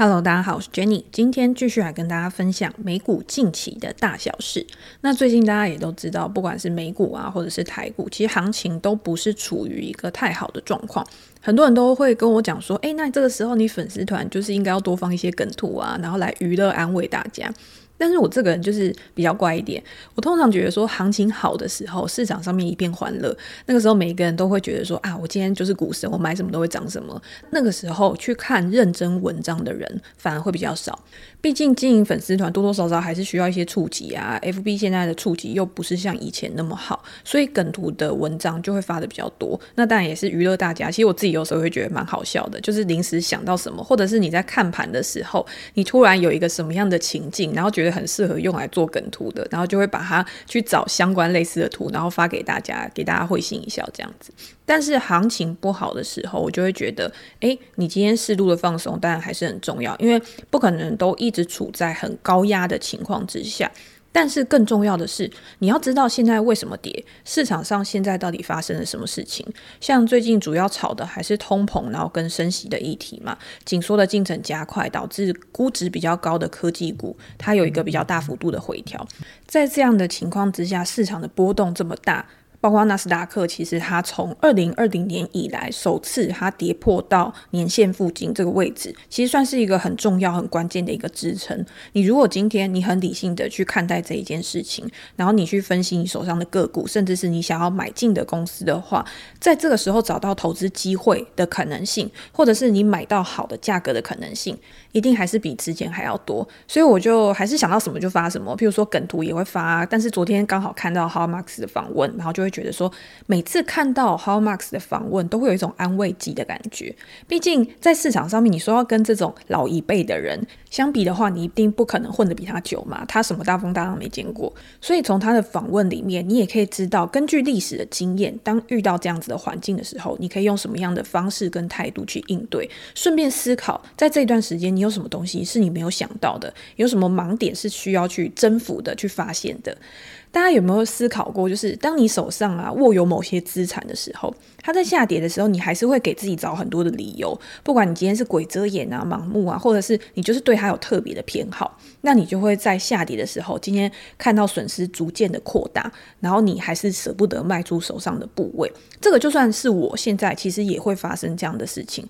Hello，大家好，我是 Jenny，今天繼續來跟大家分享美股近期的大小事。那最近大家也都知道，不管是美股啊，或者是台股，其實行情都不是處於一個太好的狀況。很多人都會跟我講說，誒、欸，那這個時候你粉絲團就是應該要多放一些梗圖啊，然後來娛樂安慰大家。但是我這個人就是比較怪一點，我通常覺得說行情好的時候，市場上面一片歡樂，那個時候每一個人都會覺得說啊，我今天就是股神，我買什麼都會漲什麼。那個時候去看認真文章的人反而會比較少，畢竟經營粉絲團多多少少還是需要一些觸及啊。FB 現在的觸及又不是像以前那麼好，所以梗圖的文章就會發的比較多。那當然也是娛樂大家。其實我自己有時候會覺得蠻好笑的，就是臨時想到什麼，或者是你在看盤的時候，你突然有一個什麼樣的情境，然後覺得。很適合用來做梗圖的，然後就會把它去找相關類似的圖，然後發給大家，給大家會心一笑這樣子。但是行情不好的時候，我就會覺得，哎、欸，你今天適度的放鬆，當然還是很重要，因為不可能都一直處在很高壓的情況之下。但是更重要的是，你要知道現在為什麼跌，市場上現在到底發生了什麼事情。像最近主要炒的還是通膨，然後跟升息的議題嘛，緊縮的進程加快，導致估值比較高的科技股，它有一個比較大幅度的回調。在這樣的情況之下，市場的波動這麼大。包括納斯達克，其實它從二零二零年以來首次他跌破到年線附近這個位置，其實算是一個很重要、很關鍵的一個支撐。你如果今天你很理性的去看待這一件事情，然後你去分析你手上的個股，甚至是你想要買進的公司的話，在這個時候找到投資機會的可能性，或者是你買到好的價格的可能性，一定還是比之前還要多。所以我就還是想到什麼就發什麼，譬如說梗圖也會發，但是昨天剛好看到 Howard Marks 的訪問，然後就會。覺得說，每次看到 Howard Marks 的訪問，都會有一種安慰劑的感覺。畢竟在市場上面，你說要跟這種老一輩的人相比的話，你一定不可能混得比他久嘛。他什麼大風大浪沒見過，所以從他的訪問裡面，你也可以知道，根據歷史的經驗，當遇到這樣子的環境的時候，你可以用什麼樣的方式跟態度去應對。順便思考，在這段時間，你有什麼東西是你沒有想到的，有什麼盲點是需要去征服的，去發現的。大家有沒有思考過，就是當你手上啊握有某些資產的時候，它在下跌的時候，你還是會給自己找很多的理由。不管你今天是鬼遮眼啊、盲目啊，或者是你就是對它有特別的偏好，那你就會在下跌的時候，今天看到損失逐漸的擴大，然後你還是捨不得賣出手上的部位。這個就算是我現在，其實也會發生這樣的事情。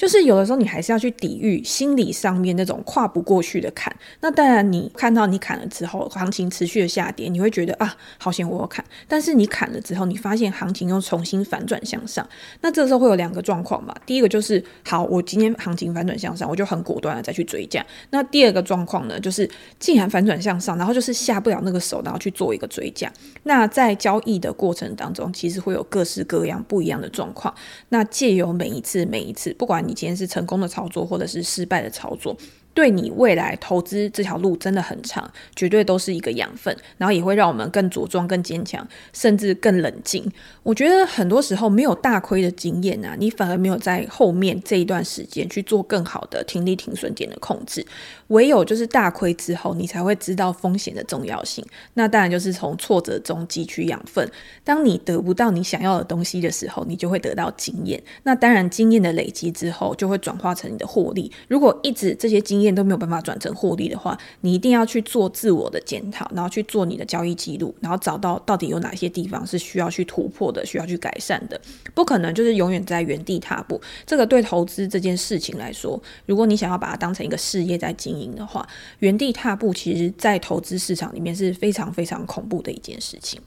就是有的時候你還是要去抵禦心理上面那種跨不過去的坎。那當然，你看到你砍了之後，行情持續的下跌，你會覺得啊，好險我有砍。但是你砍了之後，你發現行情又重新反轉向上，那這個時候會有兩個狀況嘛？第一個就是好，我今天行情反轉向上，我就很果斷的再去追價。那第二個狀況呢，就是竟然反轉向上，然後就是下不了那個手，然後去做一個追價。那在交易的過程當中，其實會有各式各樣不一樣的狀況。那借由每一次每一次，不管。以前是成功的操作，或者是失敗的操作。對你未來投資這條路真的很長，絕對都是一個養分，然後也會讓我們更茁壯、更堅強，甚至更冷靜。我覺得很多時候沒有大虧的經驗啊，你反而沒有在後面這一段時間去做更好的停利、停損點的控制。唯有就是大虧之後，你才會知道風險的重要性。那當然就是從挫折中汲取養分。當你得不到你想要的東西的時候，你就會得到經驗。那當然，經驗的累積之後，就會轉化成你的獲利。如果一直這些經驗。都沒有辦法轉成獲利的話，你一定要去做自我的檢討，然後去做你的交易記錄，然後找到到底有哪些地方是需要去突破的，需要去改善的。不可能就是永遠在原地踏步。這個對投資這件事情來說，如果你想要把它當成一個事業在經營的話，原地踏步其實在投資市場裡面是非常非常恐怖的一件事情。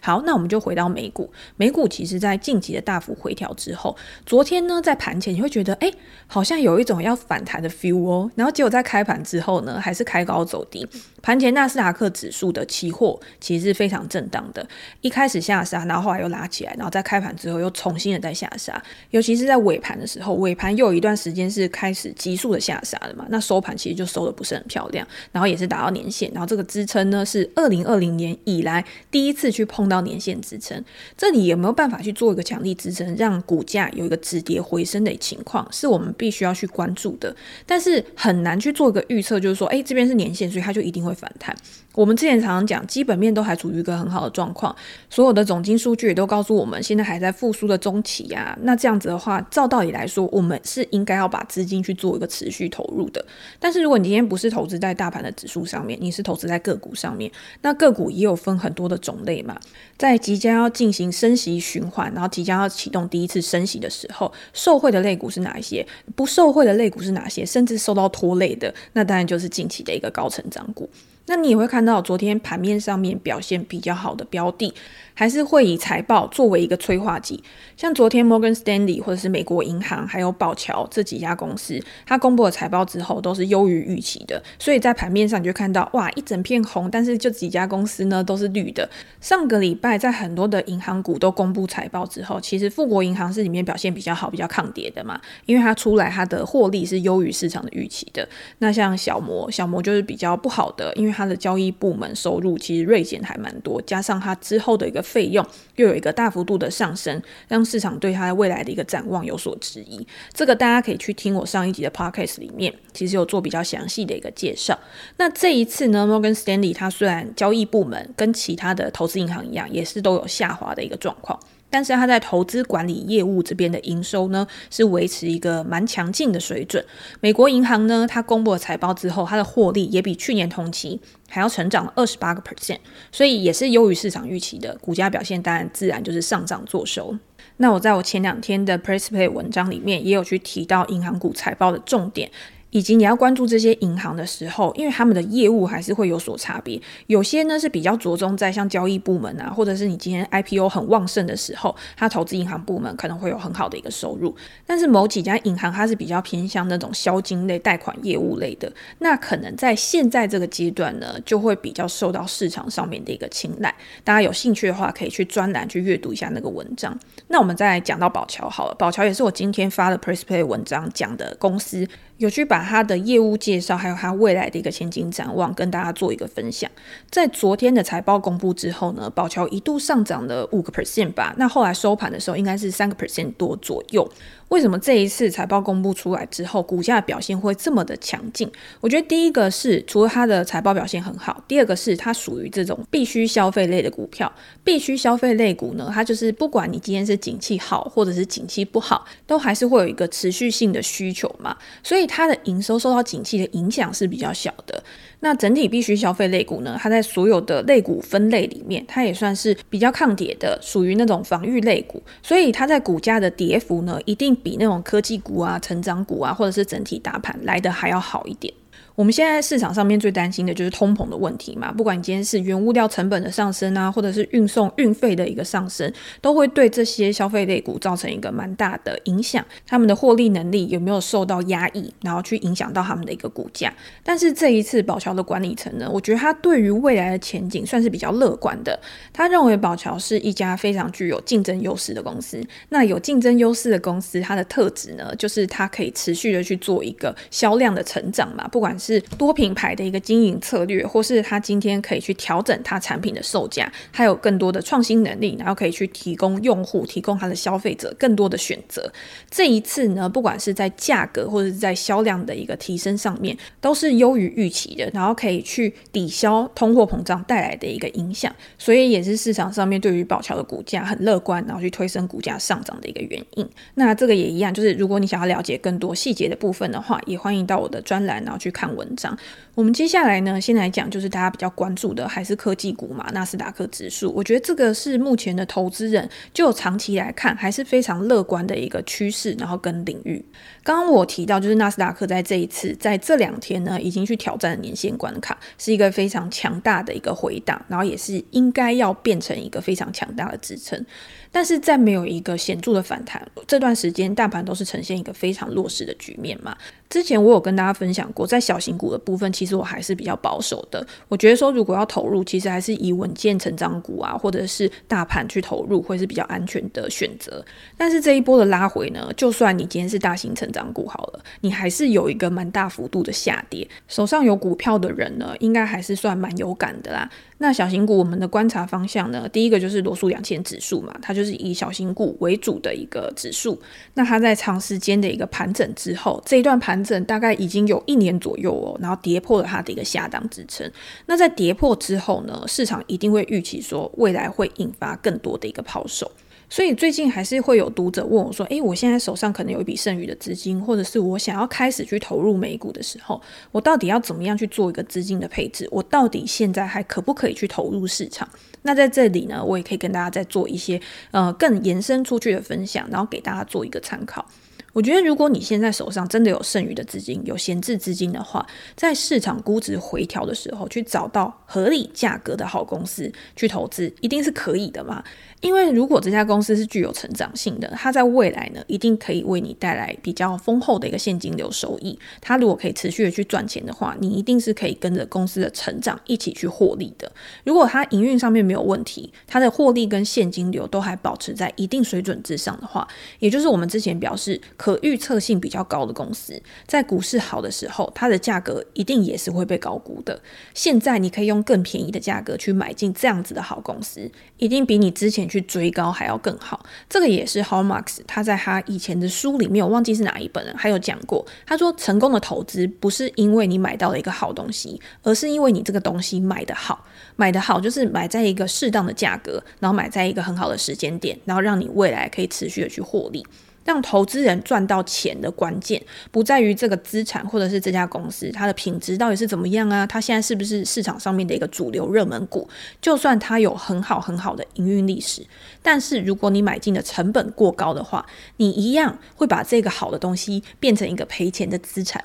好，那我們就回到美股。美股其實，在近期的大幅回調之後，昨天呢，在盤前你會覺得，哎、欸，好像有一種要反彈的 feel 哦。然後，結果在開盤之後呢，還是開高走低。盤前納斯達克指數的期貨其實是非常震盪的，一開始下殺，然後後來又拉起來，然後在開盤之後又重新的再下殺。尤其是在尾盤的時候，尾盤又有一段時間是開始急速的下殺的嘛。那收盤其實就收的不是很漂亮，然後也是達到年線，然後這個支撐呢是二零二零年以來第一次去碰。到年線支撐，這裡有沒有辦法去做一個強力支撐，讓股價有一個止跌回升的情況，是我們必須要去關注的。但是很難去做一個預測，就是說，哎、欸，這邊是年線，所以它就一定會反彈。我們之前常常講，基本面都還處於一個很好的狀況，所有的總經數據也都告訴我們，現在還在復甦的中期呀、啊。那這樣子的話，照道理來說，我們是應該要把資金去做一個持續投入的。但是如果你今天不是投資在大盤的指數上面，你是投資在個股上面，那個股也有分很多的種類嘛。在即將要進行升息循環，然後即將要啟動第一次升息的時候，受惠的類股是哪一些？不受惠的類股是哪些？甚至受到拖累的，那當然就是近期的一個高成長股。那你也會看到。那昨天盤面上面表現比較好的標的，還是會以財報作為一個催化劑。像昨天 Morgan Stanley 或者是美國銀行還有寶僑這幾家公司，它公布了財報之後都是優於預期的，所以在盤面上你就看到，哇，一整片紅，但是就幾家公司呢都是綠的。上個禮拜在很多的銀行股都公布財報之後，其實富國銀行是裡面表現比較好、比較抗跌的嘛，因為它出來它的獲利是優於市場的預期的。那像小摩，小摩就是比較不好的，因為它的交易部門收入其實銳減還蠻多，加上它之後的一個費用又有一個大幅度的上升，讓市場對它未來的一個展望有所質疑。這個大家可以去聽我上一集的 podcast 裡面，其實有做比較詳細的一個介紹。那這一次呢，Morgan Stanley，它雖然交易部門跟其他的投資銀行一樣，也是都有下滑的一個狀況。但是它在投資管理業務這邊的營收呢，是維持一個蠻強勁的水準。美國銀行呢，它公布了財報之後，它的獲利也比去年同期還要成長了二十八個 percent，所以也是優於市場預期的。股價表現當然自然就是上漲做收。那我在我前兩天的 PressPlay 文章裡面也有去提到銀行股財報的重點。以及你要關注這些銀行的時候，因為他們的業務還是會有所差別。有些呢是比較着重在像交易部門啊，或者是你今天 IPO 很旺盛的時候，它投資銀行部門可能會有很好的一個收入。但是某幾家銀行它是比較偏向那種消金類、貸款業務類的，那可能在現在這個階段呢，就會比較受到市場上面的一個青睞。大家有興趣的話，可以去專欄去閱讀一下那個文章。那我們再來講到寶僑好了，寶僑也是我今天發的 Press Play 文章講的公司，有去。把他的業務介紹，還有他未來的一個前景展望，跟大家做一個分享。在昨天的財報公布之後呢，寶僑一度上漲了五個 percent 吧，那後來收盤的時候應該是三個 percent 多左右。為什麼這一次財報公布出來之後，股價表現會這麼的強勁？我覺得第一個是除了它的財報表現很好，第二個是它屬於這種必需消費類的股票。必需消費類股呢，它就是不管你今天是景氣好或者是景氣不好，都還是會有一個持續性的需求嘛，所以它的。營收受到景氣的影響是比較小的，那整體必需消費類股呢，它在所有的類股分類裡面，它也算是比較抗跌的，屬於那種防禦類股，所以它在股價的跌幅呢，一定比那種科技股啊、成長股啊，或者是整體大盤來得還要好一點。我們現在市場上面最擔心的就是通膨的問題嘛，不管你今天是原物料成本的上升啊，或者是運送運費的一個上升，都會對這些消費類股造成一個蠻大的影響，他們的獲利能力有沒有受到壓抑，然後去影響到他們的一個股價。但是這一次寶僑的管理層呢，我覺得他對於未來的前景算是比較樂觀的，他認為寶僑是一家非常具有競爭優勢的公司。那有競爭優勢的公司，它的特質呢，就是它可以持續的去做一個銷量的成長嘛，不管是是多品牌的一個經營策略，或是他今天可以去調整他產品的售價，還有更多的創新能力，然後可以去提供用戶、提供他的消費者更多的選擇。這一次呢，不管是在價格或者是在銷量的一個提升上面，都是優於預期的，然後可以去抵消通貨膨脹帶來的一個影響，所以也是市場上面對於寶僑的股價很樂觀，然後去推升股價上漲的一個原因。那這個也一樣，就是如果你想要了解更多細節的部分的話，也歡迎到我的專欄，然後去看。文章，我們接下來呢，先來講就是大家比較關注的，還是科技股嘛，納斯達克指數。我覺得這個是目前的投資人，就長期來看，還是非常樂觀的一個趨勢，然後跟領域。剛剛我提到，就是納斯達克在這一次，在這兩天呢，已經去挑戰年線關卡，是一個非常強大的一個回檔，然後也是應該要變成一個非常強大的支撐。但是在沒有一個顯著的反彈，這段時間大盤都是呈現一個非常弱勢的局面嘛。之前我有跟大家分享過，在小型股的部分，其實我還是比較保守的。我覺得說，如果要投入，其實還是以穩健成長股啊，或者是大盤去投入，會是比較安全的選擇。但是這一波的拉回呢，就算你今天是大型成長股好了，你還是有一個蠻大幅度的下跌。手上有股票的人呢，應該還是算蠻有感的啦。那小型股我們的觀察方向呢，第一個就是羅素兩千指數嘛，它就是以小型股為主的一個指數。那它在長時間的一個盤整之後，這一段盤。整大概已經有一年左右哦，然後跌破了它的一個下檔支撐。那在跌破之後呢，市場一定會預期說未來會引發更多的一個拋售。所以最近還是會有讀者問我說：“誒，我現在手上可能有一筆剩餘的資金，或者是我想要開始去投入美股的時候，我到底要怎麼樣去做一個資金的配置？我到底現在還可不可以去投入市場？”那在這裡呢，我也可以跟大家再做一些呃更延伸出去的分享，然後給大家做一個參考。我覺得，如果你現在手上真的有剩餘的資金、有閒置資金的話，在市場估值回調的時候，去找到合理價格的好公司去投資，一定是可以的嘛。因為如果這家公司是具有成長性的，它在未來呢，一定可以為你帶來比較豐厚的一個現金流收益。它如果可以持續的去賺錢的話，你一定是可以跟着公司的成長一起去獲利的。如果它營運上面沒有問題，它的獲利跟現金流都還保持在一定水準之上的話，也就是我們之前表示可預測性比較高的公司，在股市好的時候，它的價格一定也是會被高估的。現在你可以用更便宜的價格去買進這樣子的好公司，一定比你之前去追高還要更好，這個也是 Howard Marks 他在他以前的書裡面，我忘記是哪一本了，還有講過，他說成功的投資不是因為你買到了一個好東西，而是因為你這個東西買得好，買得好就是買在一個適當的價格，然後買在一個很好的時間點，然後讓你未來可以持續的去獲利。讓投資人賺到錢的關鍵，不在於這個資產或者是這家公司它的品質到底是怎麼樣啊？它現在是不是市場上面的一個主流熱門股？就算它有很好很好的營運歷史，但是如果你買進的成本過高的話，你一樣會把這個好的東西變成一個賠錢的資產。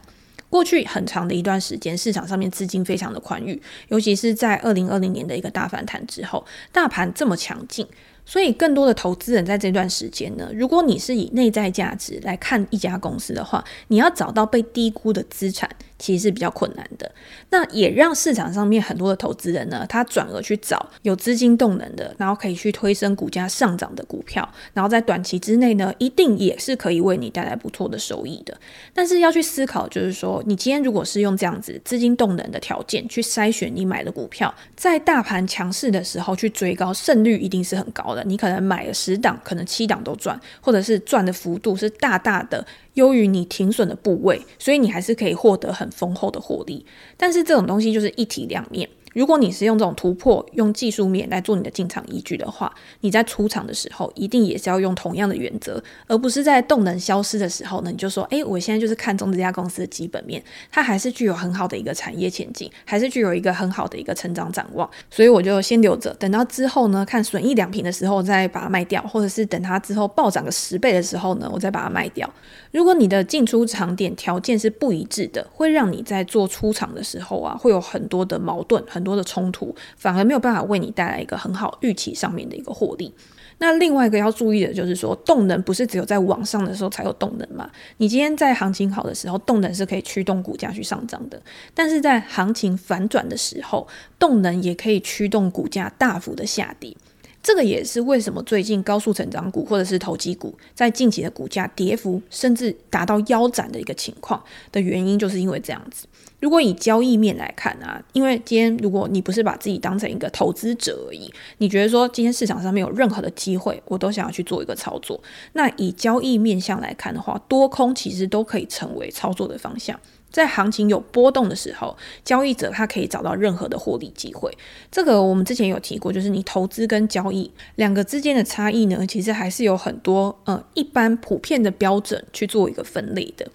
過去很長的一段時間，市場上面資金非常的寬裕，尤其是在2020年的一個大反彈之後，大盤這麼強勁。所以，更多的投資人在這段時間呢，如果你是以內在價值來看一家公司的話，你要找到被低估的資產。其實是比較困難的，那也讓市場上面很多的投資人呢，他轉而去找有資金動能的，然後可以去推升股價上漲的股票，然後在短期之內呢，一定也是可以為你帶來不錯的收益的。但是要去思考，就是說，你今天如果是用這樣子資金動能的條件去篩選你買的股票，在大盤強勢的時候去追高，勝率一定是很高的。你可能買了十檔，可能七檔都賺，或者是賺的幅度是大大的。由於你停損的部位，所以你還是可以獲得很豐厚的獲利。但是這種東西就是一體兩面。如果你是用這種突破，用技術面來做你的進場依據的話，你在出場的時候一定也是要用同樣的原則，而不是在動能消失的時候呢，你就說，誒、欸，我現在就是看中這家公司的基本面，它還是具有很好的一個產業前景，還是具有一個很好的一個成長展望，所以我就先留着，等到之後呢，看損益兩平的時候再把它賣掉，或者是等它之後暴漲個十倍的時候呢，我再把它賣掉。如果你的進出場點條件是不一致的，會讓你在做出場的時候啊，會有很多的矛盾，很。很多的衝突，反而沒有辦法為你帶來一個很好預期上面的一個獲利。那另外一個要注意的就是說，動能不是只有在往上的時候才有動能嘛？你今天在行情好的時候，動能是可以驅動股價去上漲的；但是在行情反轉的時候，動能也可以驅動股價大幅的下跌。這個也是為什麼最近高速成長股或者是投機股在近期的股價跌幅甚至達到腰斬的一個情況的原因，就是因為這樣子。如果以交易面來看啊，因為今天如果你不是把自己當成一個投資者而已，你覺得說今天市場上面有任何的機會，我都想要去做一個操作。那以交易面向來看的話，多空其實都可以成為操作的方向。在行情有波動的時候，交易者他可以找到任何的獲利機會。這個我們之前有提過，就是你投資跟交易兩個之間的差異呢，其實還是有很多呃一般普遍的標準去做一個分類的。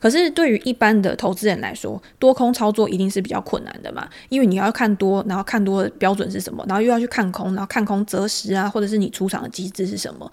可是，對於一般的投資人來說，多空操作一定是比較困難的嘛。因為你要看多，然後看多的標準是什麼，然後又要去看空，然後看空擇時啊，或者是你出場的機制是什麼，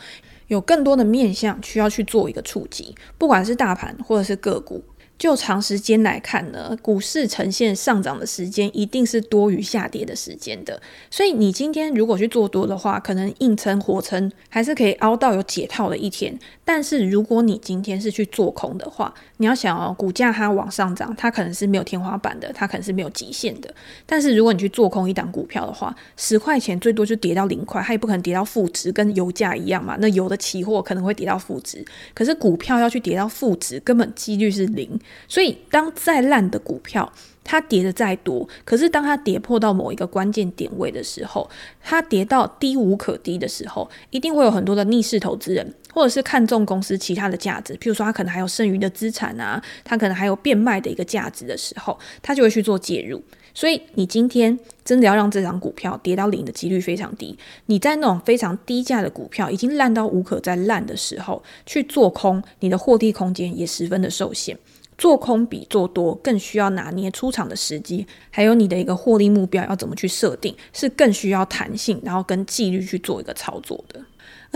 有更多的面向需要去做一個觸及，不管是大盤或者是個股。就長時間來看呢，股市呈現上漲的時間一定是多於下跌的時間的。所以你今天如果去做多的話，可能硬撐、活撐還是可以熬到有解套的一天。但是如果你今天是去做空的話，你要想哦，股價它往上漲，它可能是沒有天花板的，它可能是沒有極限的。但是如果你去做空一檔股票的話，十塊錢最多就跌到零塊，它也不可能跌到負值，跟油價一樣嘛。那油的期貨可能會跌到負值，可是股票要去跌到負值，根本幾率是零。所以，當再爛的股票，它跌得再多，可是當它跌破到某一個關鍵點位的時候，它跌到低無可低的時候，一定會有很多的逆勢投資人，或者是看重公司其他的價值，譬如說它可能還有剩餘的資產啊，它可能還有變賣的一個價值的時候，它就會去做介入。所以，你今天真的要讓這張股票跌到零的幾率非常低。你在那種非常低價的股票已經爛到無可再爛的時候去做空，你的獲利空間也十分的受限。做空比做多更需要拿捏出場的時機，還有你的一個獲利目標要怎麼去設定，是更需要彈性，然後跟紀律去做一個操作的。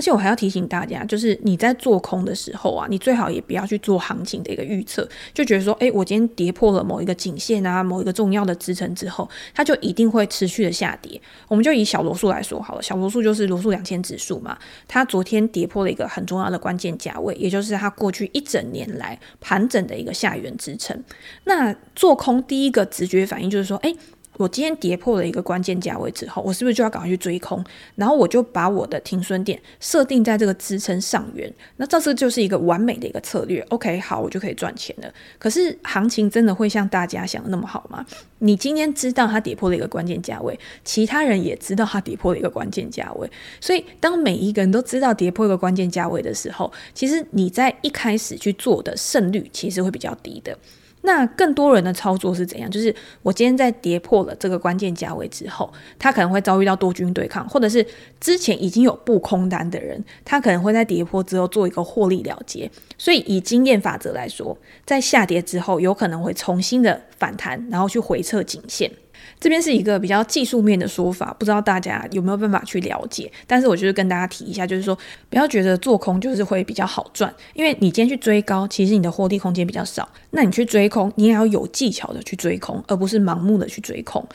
而且我還要提醒大家，就是你在做空的時候啊，你最好也不要去做行情的一個預測，就覺得說，誒、欸，我今天跌破了某一個頸線啊，某一個重要的支撐之後，它就一定會持續的下跌。我們就以小羅素來說好了，小羅素就是羅素兩千指數嘛，它昨天跌破了一個很重要的關鍵價位，也就是它過去一整年來盤整的一個下緣支撐。那做空第一個直覺反應就是說，誒、欸。我今天跌破了一個關鍵價位之後，我是不是就要趕快去追空？然後我就把我的停損點設定在這個支撐上緣，那這次就是一個完美的一個策略。OK，好，我就可以賺錢了。可是行情真的會像大家想的那麼好嗎？你今天知道它跌破了一個關鍵價位，其他人也知道它跌破了一個關鍵價位，所以當每一個人都知道跌破一個關鍵價位的時候，其實你在一開始去做的勝率其實會比較低的。那更多人的操作是怎樣？就是我今天在跌破了這個關鍵價位之後，他可能會遭遇到多軍對抗，或者是之前已經有布空單的人，他可能會在跌破之後做一個獲利了結。所以以經驗法則來說，在下跌之後，有可能會重新的反彈，然後去回測頸線。這邊是一個比較技術面的說法，不知道大家有沒有辦法去了解。但是，我就是跟大家提一下，就是說，不要覺得做空就是會比較好賺，因為你今天去追高，其實你的獲利空間比較少。那你去追空，你也要有技巧的去追空，而不是盲目的去追空。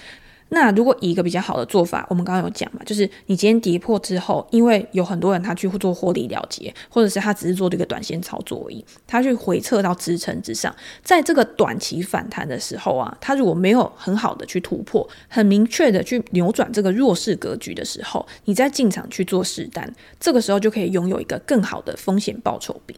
那如果以一個比較好的做法，我們剛剛有講嘛，就是你今天跌破之後，因為有很多人他去做獲利了結，或者是他只是做這個短線操作而已。他去回撤到支撐之上，在這個短期反彈的時候啊，他如果沒有很好的去突破，很明確的去扭轉這個弱勢格局的時候，你再進場去做試單，這個時候就可以擁有一個更好的風險報酬比。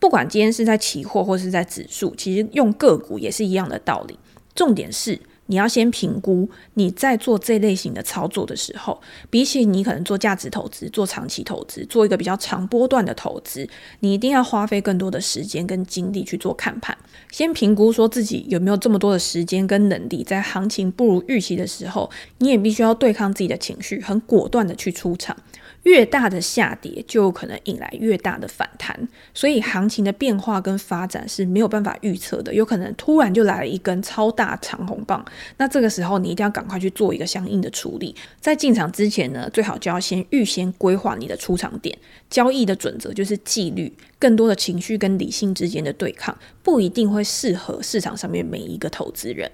不管今天是在期貨或是在指數，其實用個股也是一樣的道理。重點是。你要先評估你在做這類型的操作的時候，比起你可能做價值投資、做長期投資、做一個比較長波段的投資，你一定要花費更多的時間跟精力去做看盤。先評估說自己有沒有這麼多的時間跟能力，在行情不如預期的時候，你也必須要對抗自己的情緒，很果斷的去出場。越大的下跌就可能引來越大的反彈，所以行情的變化跟發展是沒有辦法預測的，有可能突然就來了一根超大長紅棒，那這個時候你一定要趕快去做一個相應的處理。在進場之前呢，最好就要先預先規劃你的出場點。交易的準則就是紀律，更多的情緒跟理性之間的對抗，不一定會適合市場上面每一個投資人。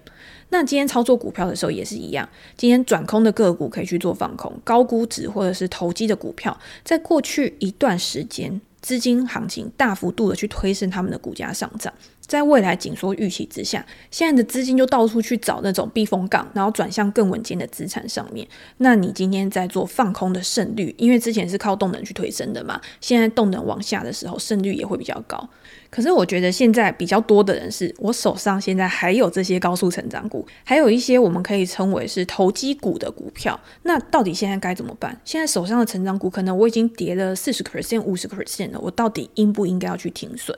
那今天操作股票的時候也是一樣，今天轉空的個股可以去做放空。高估值或者是投機的股票，在過去一段時間，資金行情大幅度的去推升他們的股價上漲。在未來緊縮預期之下，現在的資金就到處去找那種避風港，然後轉向更穩健的資產上面。那你今天在做放空的勝率，因為之前是靠動能去推升的嘛，現在動能往下的時候，勝率也會比較高。可是我覺得現在比較多的人是，我手上現在還有這些高速成長股，還有一些我們可以稱為是投機股的股票。那到底現在該怎麼辦？現在手上的成長股可能我已經跌了四十 percent、五十 percent 了，我到底應不應該要去停損？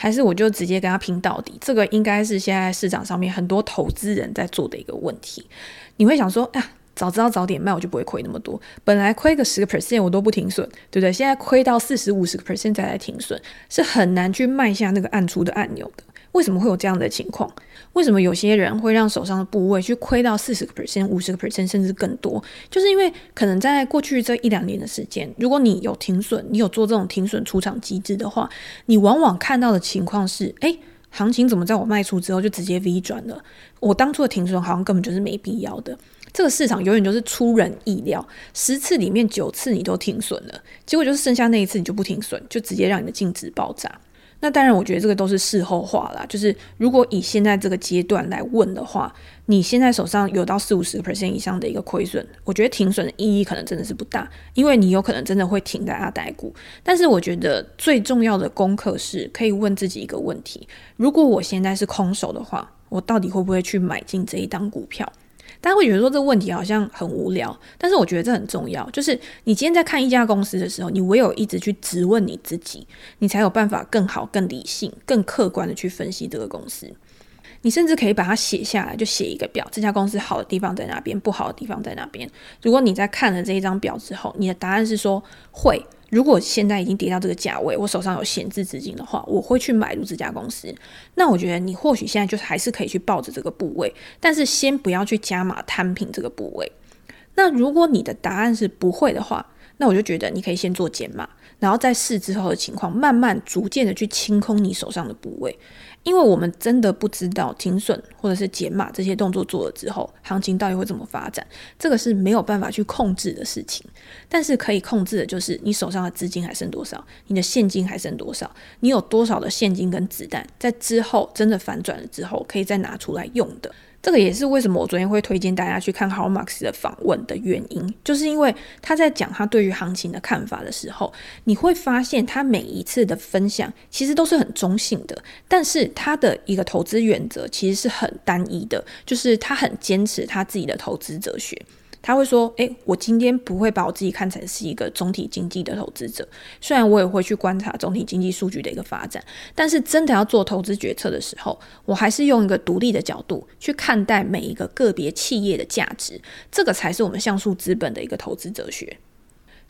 還是我就直接跟他拼到底，這個應該是現在市場上面很多投資人在做的一個問題。你會想說，哎呀，早知道早點賣，我就不會虧那麼多。本來虧個十個 percent 我都不停損，對不對？現在虧到四十五十個 percent 再來停損，是很難去按下那個賣出的按鈕的。為什麼會有這樣的情況？為什麼有些人會讓手上的部位去虧到四十個百分、五十個百分，甚至更多？就是因為可能在過去這一兩年的時間，如果你有停損，你有做這種停損出場機制的話，你往往看到的情況是：哎，行情怎麼在我賣出之後就直接 V 轉了？我當初的停損好像根本就是沒必要的。這個市場永遠就是出人意料，十次裡面九次你都停損了，結果就是剩下那一次你就不停損，就直接讓你的淨值爆炸。那當然，我覺得這個都是事後話啦。就是如果以現在這個階段來問的話，你現在手上有到四五十 percent 以上的一個虧損，我覺得停損的意義可能真的是不大，因為你有可能真的會停在阿呆股。但是我覺得最重要的功課是，可以問自己一個問題：如果我現在是空手的話，我到底會不會去買進這一檔股票？大家會覺得說這個問題好像很無聊，但是我覺得這很重要。就是你今天在看一家公司的時候，你唯有一直去質問你自己，你才有辦法更好、更理性、更客觀的去分析這個公司。你甚至可以把它寫下來，就寫一個表：這家公司好的地方在哪邊，不好的地方在哪邊。如果你在看了這一張表之後，你的答案是說會。如果現在已經跌到這個價位，我手上有閒置資金的話，我會去買入這家公司。那我覺得你或許現在就是還是可以去抱着這個部位，但是先不要去加碼攤平這個部位。那如果你的答案是不會的話，那我就覺得你可以先做減碼，然後再視之後的情況，慢慢逐漸的去清空你手上的部位。因為我們真的不知道停損或者是減碼這些動作做了之後，行情到底會怎麼發展。這個是沒有辦法去控制的事情。但是可以控制的就是你手上的資金還剩多少，你的現金還剩多少，你有多少的現金跟子彈，在之後真的反轉了之後，可以再拿出來用的。這個也是為什麼我昨天會推薦大家去看 Howard Marks 的訪問的原因，就是因為他在講他對於行情的看法的時候，你會發現他每一次的分享其實都是很中性的，但是他的一個投資原則其實是很單一的，就是他很堅持他自己的投資哲學。他會說：“誒，我今天不會把我自己看成是一個總體經濟的投資者，雖然我也會去觀察總體經濟數據的一個發展，但是真的要做投資決策的時候，我還是用一個獨立的角度去看待每一個個別企業的價值，這個才是我們橡樹資本的一個投資哲學。”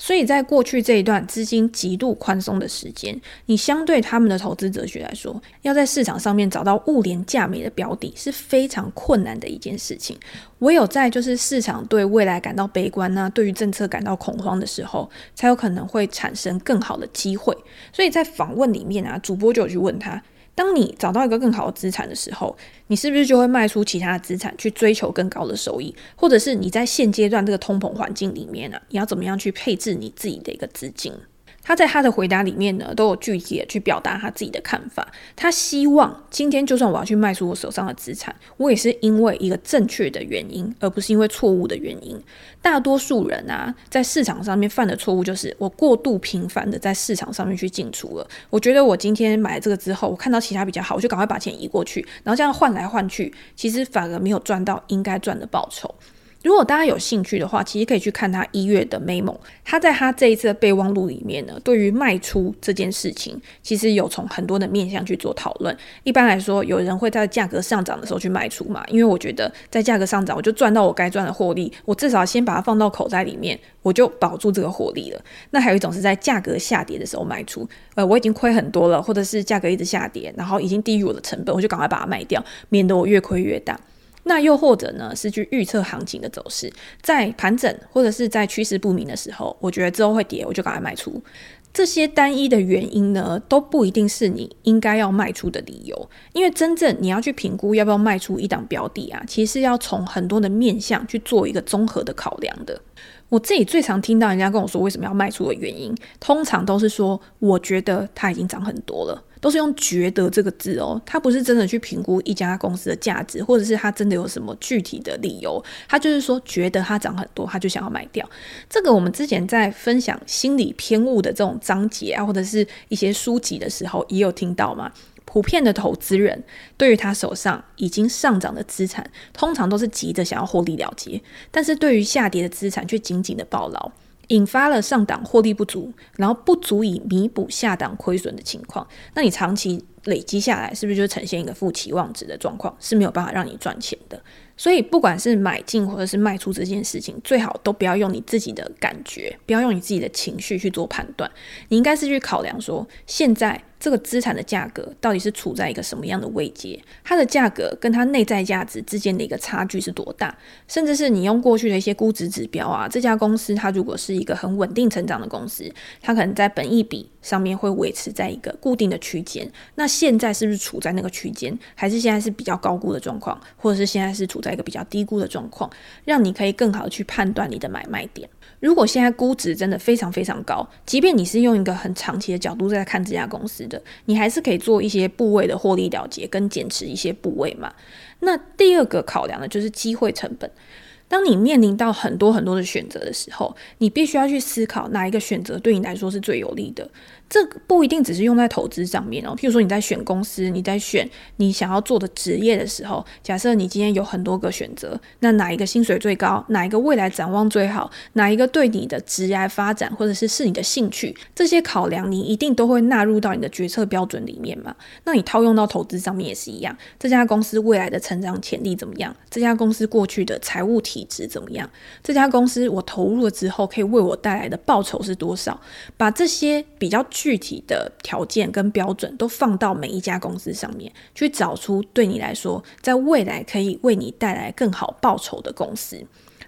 所以在過去這一段資金極度寬鬆的時間，你相對他們的投資哲學來說，要在市場上面找到物廉價美的標的是非常困難的一件事情。唯有在就是市場對未來感到悲觀、啊、呢對於政策感到恐慌的時候，才有可能會產生更好的機會。所以在訪問裡面啊，主播就有去問他。當你找到一個更好的資產的時候，你是不是就會賣出其他的資產去追求更高的收益？或者是你在現階段這個通膨環境裡面呢、啊，你要怎麼樣去配置你自己的一個資金？他在他的回答裡面呢，都有具體的去表達他自己的看法。他希望今天就算我要去賣出我手上的資產，我也是因為一個正確的原因，而不是因為錯誤的原因。大多數人啊，在市場上面犯的錯誤就是我過度頻繁的在市場上面去進出了。我覺得我今天買了這個之後，我看到其他比較好，我就趕快把錢移過去，然後這樣換來換去，其實反而沒有賺到應該賺的報酬。如果大家有興趣的話，其實可以去看他一月的 memo，他在他這一次的備忘錄裡面呢，對於賣出這件事情，其實有從很多的面向去做討論。一般來說，有人會在價格上漲的時候去賣出嘛，因為我覺得在價格上漲，我就賺到我該賺的獲利，我至少先把它放到口袋裡面，我就保住這個獲利了。那還有一種是在價格下跌的時候賣出，呃，我已經虧很多了，或者是價格一直下跌，然後已經低於我的成本，我就趕快把它賣掉，免得我越虧越大。那又或者呢，是去預測行情的走勢，在盤整或者是在趨勢不明的時候，我覺得之後會跌，我就趕快賣出。這些單一的原因呢，都不一定是你應該要賣出的理由。因為真正你要去評估要不要賣出一檔標的啊，其實是要從很多的面向去做一個綜合的考量的。我自己最常聽到人家跟我說為什麼要賣出的原因，通常都是說我覺得它已經漲很多了，都是用“覺得”這個字哦，他不是真的去評估一家公司的價值，或者是他真的有什麼具體的理由，他就是說覺得它漲很多，他就想要賣掉。這個我們之前在分享心理偏誤的這種章節啊，或者是一些書籍的時候，也有聽到嗎？普遍的投資人對於他手上已經上漲的資產，通常都是急着想要獲利了結，但是對於下跌的資產卻緊緊的抱牢，引發了上檔獲利不足，然後不足以彌補下檔虧損的情況。那你長期累積下來，是不是就呈現一個負期望值的狀況？是沒有辦法讓你賺錢的。所以，不管是買進或者是賣出這件事情，最好都不要用你自己的感覺，不要用你自己的情緒去做判斷。你應該是去考量說現在。這個資產的價格到底是處在一個什麼樣的位階？它的價格跟它內在價值之間的一個差距是多大？甚至是你用過去的一些估值指標啊，這家公司它如果是一個很穩定成長的公司，它可能在本益比上面會維持在一個固定的區間。那現在是不是處在那個區間？還是現在是比較高估的狀況，或者是現在是處在一個比較低估的狀況，讓你可以更好的去判斷你的買賣點？如果現在估值真的非常非常高，即便你是用一個很長期的角度在看這家公司的，你還是可以做一些部位的獲利了結跟減持一些部位嘛。那第二個考量的就是機會成本。當你面臨到很多很多的選擇的時候，你必須要去思考哪一個選擇對你來說是最有利的。這個不一定只是用在投資上面哦。譬如說你在選公司、你在選你想要做的職業的時候，假設你今天有很多個選擇，那哪一個薪水最高？哪一個未來展望最好？哪一個對你的職業發展或者是是你的興趣這些考量，你一定都會納入到你的決策標準裡面嘛？那你套用到投資上面也是一樣。這家公司未來的成長潛力怎麼樣？這家公司過去的財務體值怎麼樣？這家公司我投入了之後，可以為我帶來的報酬是多少？把這些比較具體的條件跟標準都放到每一家公司上面，去找出對你來說，在未來可以為你帶來更好報酬的公司。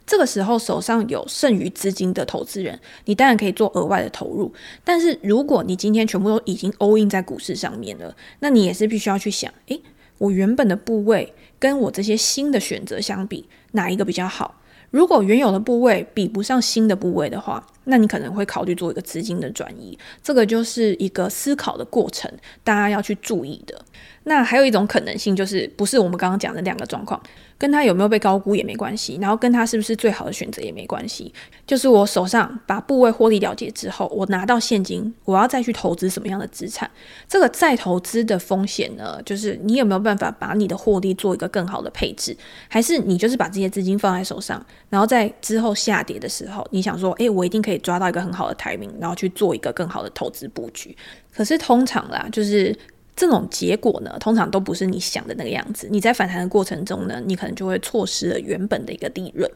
這個時候，手上有剩餘資金的投資人，你當然可以做額外的投入。但是，如果你今天全部都已經 all in 在股市上面了，那你也是必須要去想，誒。我原本的部位跟我這些新的選擇相比，哪一個比較好？如果原有的部位比不上新的部位的話。那你可能會考慮做一個資金的轉移，這個就是一個思考的過程，大家要去注意的。那還有一種可能性就是，不是我們剛剛講的兩個狀況，跟他有沒有被高估也沒關係，然後跟他是不是最好的選擇也沒關係。就是我手上把部位獲利了結之後，我拿到現金，我要再去投資什麼樣的資產？這個再投資的風險呢，就是你有沒有辦法把你的獲利做一個更好的配置，還是你就是把這些資金放在手上，然後在之後下跌的時候，你想說，誒，我一定可以。可以抓到一個很好的 timing，然後去做一個更好的投資佈局。可是通常啦，就是這種結果呢，通常都不是你想的那個樣子。你在反彈的過程中呢，你可能就會錯失了原本的一個利潤。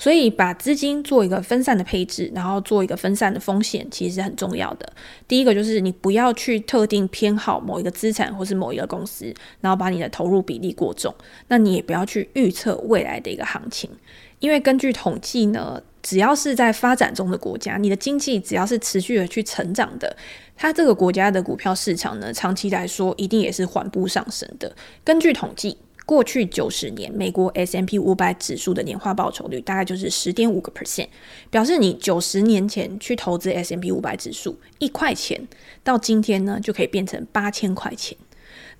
所以把資金做一個分散的配置，然後做一個分散的風險，其實是很重要的。第一個就是你不要去特定偏好某一個資產或是某一個公司，然後把你的投入比例過重。那你也不要去預測未來的一個行情，因為根據統計呢。只要是在發展中的國家，你的經濟只要是持續的去成長的，它這個國家的股票市場呢，長期來說一定也是緩步上升的。根據統計，過去九十年，美國 S&P 五百指數的年化報酬率大概就是十點五個 percent，表示你九十年前去投資 S&P 五百指數一塊錢，到今天呢就可以變成八千塊錢。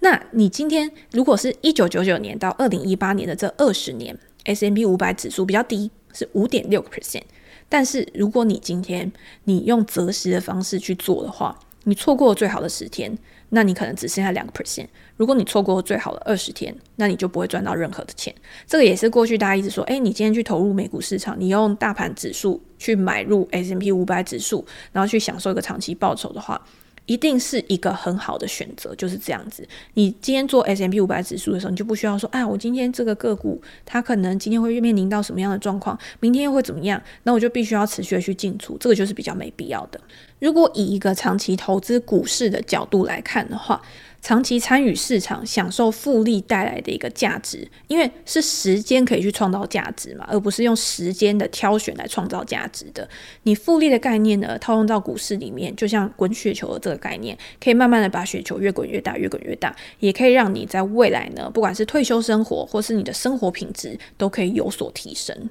那你今天如果是一九九九年到二零一八年的這二十年，S&P 五百指數比較低，是五點六個 percent，但是如果你今天你用擇時的方式去做的話，你錯過了最好的十天，那你可能只剩下兩個 percent。如果你錯過了最好的二十天，那你就不會賺到任何的錢。這個也是過去大家一直說，誒，你今天去投入美股市場，你用大盤指數去買入 S&P 五百指數，然後去享受一個長期報酬的話，一定是一個很好的選擇，就是這樣子。你今天做 S&P 500指數的時候，你就不需要說，啊、哎，我今天這個個股它可能今天會面臨到什麼樣的狀況，明天又會怎麼樣？那我就必須要持續的去進出，這個就是比較沒必要的。如果以一個長期投資股市的角度來看的話，長期參與市場，享受複利帶來的一個價值，因為是時間可以去創造價值嘛，而不是用時間的挑選來創造價值的。你複利的概念呢，套用到股市裡面，就像滾雪球的這個概念，可以慢慢的把雪球越滾越大，越滾越大，也可以讓你在未來呢，不管是退休生活或是你的生活品質，都可以有所提升。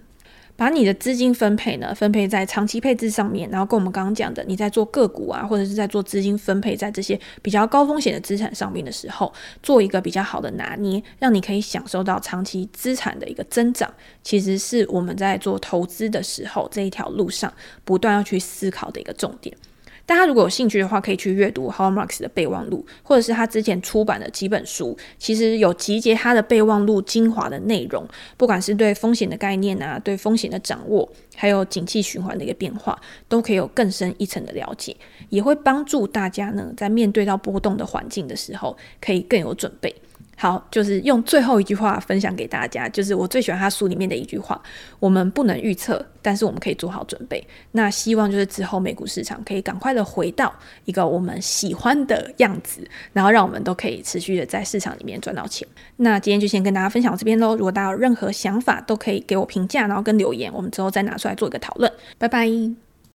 把你的資金分配呢，分配在長期配置上面，然後跟我們剛剛講的，你在做個股啊，或者是在做資金分配在這些比較高風險的資產上面的時候，做一個比較好的拿捏，讓你可以享受到長期資產的一個增長，其實是我們在做投資的時候，這一條路上不斷要去思考的一個重點。大家如果有興趣的話，可以去閱讀 Howard Marks 的備忘錄，或者是他之前出版的幾本書，其實有集結他的備忘錄精華的內容。不管是對風險的概念啊，對風險的掌握，還有景氣循環的一個變化，都可以有更深一層的了解，也會幫助大家呢，在面對到波動的環境的時候，可以更有準備。好，就是用最後一句話分享給大家，就是我最喜歡他書裡面的一句話：我們不能預測，但是我們可以做好準備。那希望就是之後美股市場可以趕快的回到一個我們喜歡的樣子，然後讓我們都可以持續的在市場裡面賺到錢。那今天就先跟大家分享到這邊嘍。如果大家有任何想法，都可以給我評價，然後跟留言，我們之後再拿出來做一個討論。拜拜。